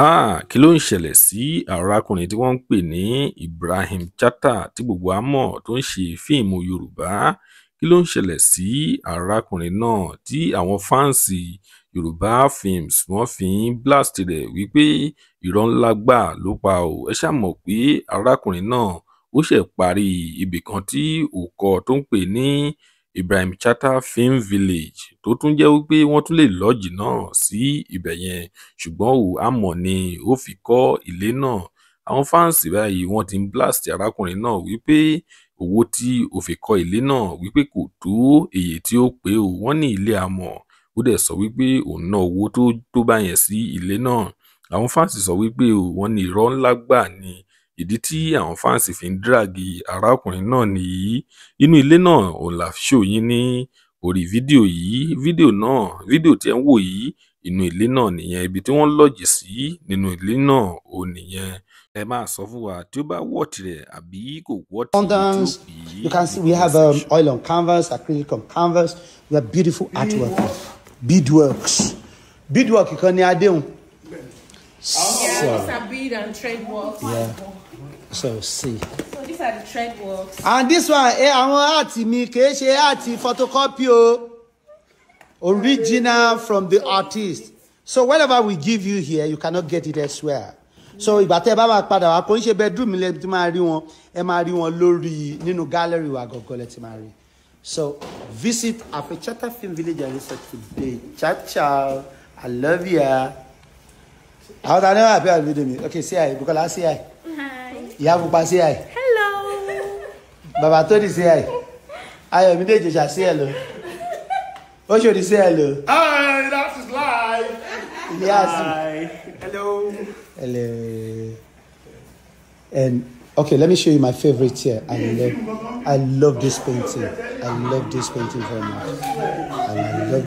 Ah, kí ló ń ṣẹlẹ̀ sí arákùnrin tí wọ́n ń pè ní Ibrahim Chatta tí gbogbo wa mọ̀ tó ń ṣe fíìmù Yorùbá kí ló ń ṣẹlẹ̀ sí arákùnrin náà tí àwọn fáǹsì Yorùbá Films wọ́n fi ń blast rẹ̀ wípé irọ́ ńlá gbà ló pa ò ẹ ṣáà mọ̀ pé arákùnrin náà ó ṣẹ̀ parí ibìkan tí òkọ tó ń pè ní ibrahim chatta film village tó tún jẹ́ wípé wọ́n tún lè lọ́ọ̀jì náà sí ibẹ̀ yẹn ṣùgbọ́n o àmọ́ ni ó fi kọ́ ilé náà àwọn fáǹsì báyìí wọ́n ti ń blast arákùnrin náà wípé owó tí ó fi kọ́ ilé náà wípé kò tó èyí tí ó pé o wọ́n ní ilé àmọ́ ó dẹ̀ sọ wípé òun ná owó tó bá yẹn sí ilé náà àwọn fáǹsì sọ wípé o wọ́n ní irọ́ ńlá gbà ni ìdí tí àwọn fáǹsì fi ń díráàgì arákùnrin náà nìyí inú ilé náà òun la show ní orí fídíò yìí fídíò náà fídíò tí ẹ ń wò yìí inú ilé náà nìyẹn ibi tí wọ́n lọ́ọ̀jì sí nínú ilé náà ò nìyẹn ẹ máa sọ fún wa tí ó bá wọ̀ tirẹ̀ àbí kò wọ̀ tirẹ̀ tí you can see we have um, oil on canvas acrylic on canvas we have beautiful artwork beadworks beadwork kan ní adéhùn so, Sabid and thread works. Yeah. So see. So these are the thread works. And this one, eh, àwọn àti mi kìí ṣe àti photocopy o. Original from the artist. So whatever we give you here, you cannot get it elsewhere. So if I tell Baba máa padà wá kò bedroom ilé tí máa rí wọn ẹ máa rí wọn lórí nínú gallery wa gọ́gọ́lẹ̀ tí máa rí. So visit Apechata Film Village and Research today. Ciao ciao. I love you àwọn ta ni wọn àbí àbí domi ok say hi Bukola say hi ìyá pupa say hi bàbá tóni say hi Ayọ̀mídé Ìjẹ̀ṣà say hello Oṣòdì say hello. hi that is live. hi hello. hello. And, okay let me show you my favorite here I love I love this painting I love this painting very much